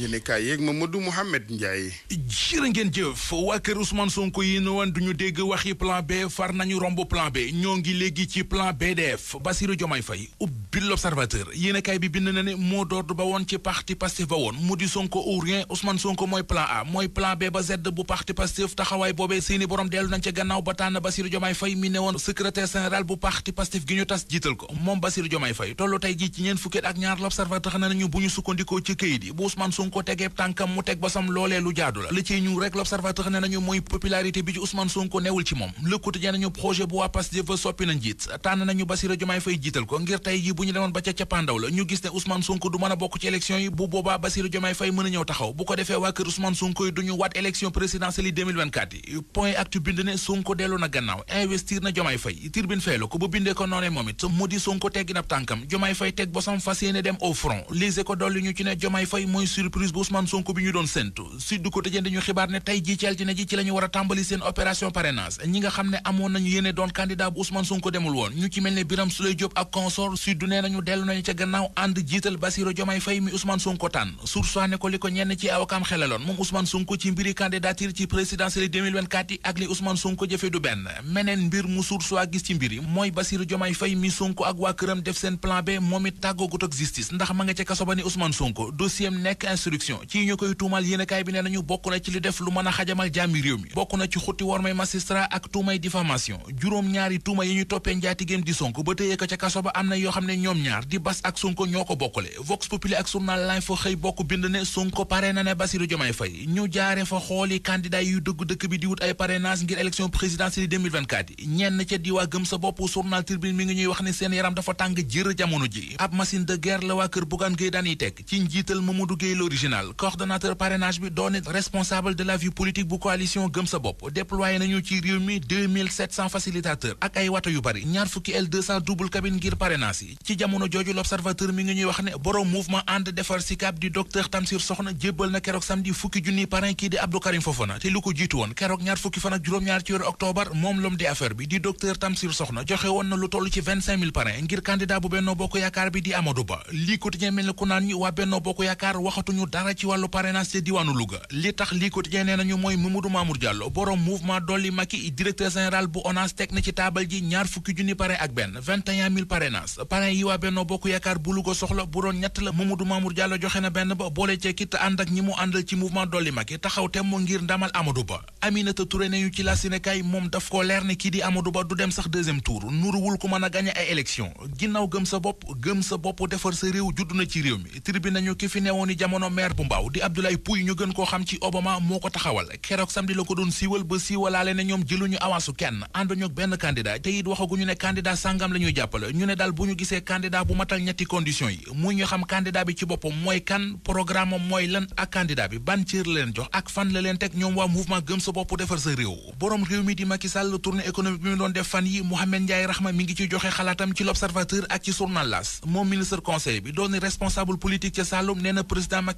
yéenekaay yeeg Mamadou Mouhamed Ndiaye jërë ngeen jëf waa kër Ousmane Sonko yi ne woon duñu dégg waxi plan B far nañu romb plan B ñoo ngi léegi ci plan BDF Bassirou Diomaye Faye ubbi l'Observateur yéenekaay bi bind na ne moo doordu ba woon ci parti Pastef ba woon mu di Sonko ou rien Ousmane Sonko mooy plan A mooy plan B ba Z bu parti Pastef taxawaay boobee seeni borom dellu nañ ca gannaaw ba tànn Bassirou Diomaye Faye mi ne woon secrétaire général bu parti mu nañu mooy popularité bi jiital ko ngir tey ji bu ñu demoon ba ca cappaandaw la ñu gis ne Ousmane Sonko du mën bokk ci élection yi bu boobaa Bassirou Diomaye Faye mën ñëw taxaw bu ko defee waa kër Ousmane Sonko yi du ñu waat élection présidentielle point actu bind ne Sonko dellu na gannaaw investir na Diomaye Faye turbine fay la ko bu bindee ko noonee moom it mu di Sonko teggi tànkam Diomaye Faye teg bosam fas yéene dem au front lise ko dolli ñu ci ne Diomaye entreprise bu Ousmane Sonko bi ñu doon séntu Sud Quotidien dañu xibaar ne tey ji ci ji ci la ñu tàmbali seen opération parrainage ñi nga xam ne amoon nañu yéene doon candidat bu Ousmane Sonko demul woon ñu ci mel ne Birame Souleye Diop ak consort Sud nee nañu dellu nañu ca gannaaw ànd jiital Bassirou Diomaye Faye mi Ousmane Sonko tànn sursoit ne ko li ko ñenn ci awakaam xelaloon moom Ousmane Sonko ci mbiri candidature ci présidentielle 2024 yi ak li Ousmane Sonko jëfe instruction ci ñu koy tuumal yéenekaay bi nee nañu bokk na ci li def lu mën xajamal jàmmi réew mi bokk na ci xutti wormay magistrat ak tuumay diffamation juróom-ñaari tuuma yi toppee njaatigéem di Sonko ba tëyee ko ca kaso ba am na yoo xam ne ñoom ñaar di Bass ak Sonko ñoo ko bokkale Vox Populi ak journal L'Info xëy bokk bind ne Sonko pare na ne Bassirou Diomaye Faye ñu jaare fa xooli candidat yu dëgg dëkk bi di wut ay parrainage ngir élection présidentielle original coordonnateur bi doon responsable de la vie politique bu coalition gëm sa bopp déployé nañu ci réew mi 2700 ak ay wato yu bari ñaar fukki L200 ngir parrainage yi ci jamono jooju l'observateur mi ngi ñuy wax ne borom mouvement ànd defar sikap di docteur Tamsir Soxna jébbal na keroog samedi fukki junniy parrain kii di Abdou Karim te lu ko jiitu woon keroog ñaar fukki fan juróom-ñaar ci weeru octobre moom l'homme d'affaires bi bi ñu dara ci wàllu parrainage ci diwaanu Louga li tax lii quotidien nee nañu mooy Mamadou Mamour Diallo borom mouvement dolli Macky directeur général bu ONAS teg na ci taabal ji ñaar fukki junni parrain ak benn 21 000 yi waa Benno Bokk Yaakaar bu Louga soxla bu doon ñett la Mamadou Mamour Diallo joxe na benn ba boole ceeki ànd ak ñi mu àndal ci mouvement dolli Macky taxaw temm ngir ndamal Amadou Ba Aminata Touré nañu ci la moom daf ko leer ne kii di Amadou Ba du a na ci réew élection maire bu mbaaw di Abdoulaye Pouy ñu gën koo xam ci Obama moo ko taxawal keroog samedi ko doon siiwal ba siiwalaale ne ñoom jëluñu avance kenn ànduñu ak benn candidat te it waxaguñu ne candidat sàngam la jàppale ñu ne daal bu ñu gisee candidat bu matal ñetti conditions yi muy ñu xam candidat bi ci boppam mooy kan programme mooy lan ak candidat bi ban cër leen jox ak fan la leen teg ñoom waa mouvement gëm sa bopp defar sa réew borom réew mi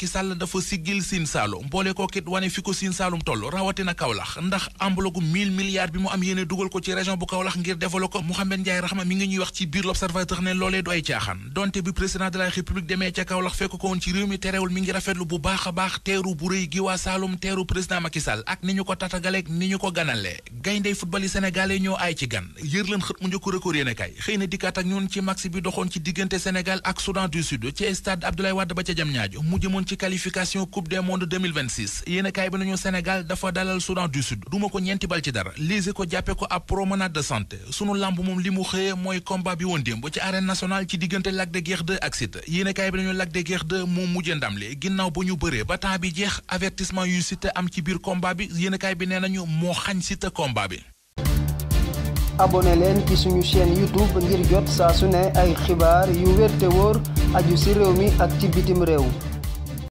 Macky Sall dafa siggil Sine mu ngi wax ci biir l'Observateur ne loolee ay caaxaan donte bi président de la République demee ca Kaolack fekk ko woon ci réew mi terewul mi ngi rafetlu bu baax a baax teeru bu rëy gi Saalum teeru président Macky ak ni ñu ko tatagaleeg ni ñu ko ganalee gayndey football yi ñoo aay ci gan yër leen xët mu njëkk record yéene kay xëy na dikkaat ak ñun ci max bi doxoon ci diggante Sénégal ak Soudan du Sud ci stade Abdoulaye Wade ba ca Diamniadio mu ci qualification coupe du monde 2026 yéenekaay bi nañu Sénégal dafa dalal Soudan du Sud duma ko ñeenti bal ci dara lise ko jàppe ko ab promenade de santé sunu lamb moom li mu mooy combat bi woon démb ci arène nationale ci diggante Lac de ak Siteu yéenekaay bi nañu Lac de Guiers 2 ndam li ginnaaw ba ñu bëree ba bi jeex avertissement yu Siteu am ci biir combat bi yéenekaay bi nee nañu moo xañ Siteu combat bi abonné ci suñu chaîne youtube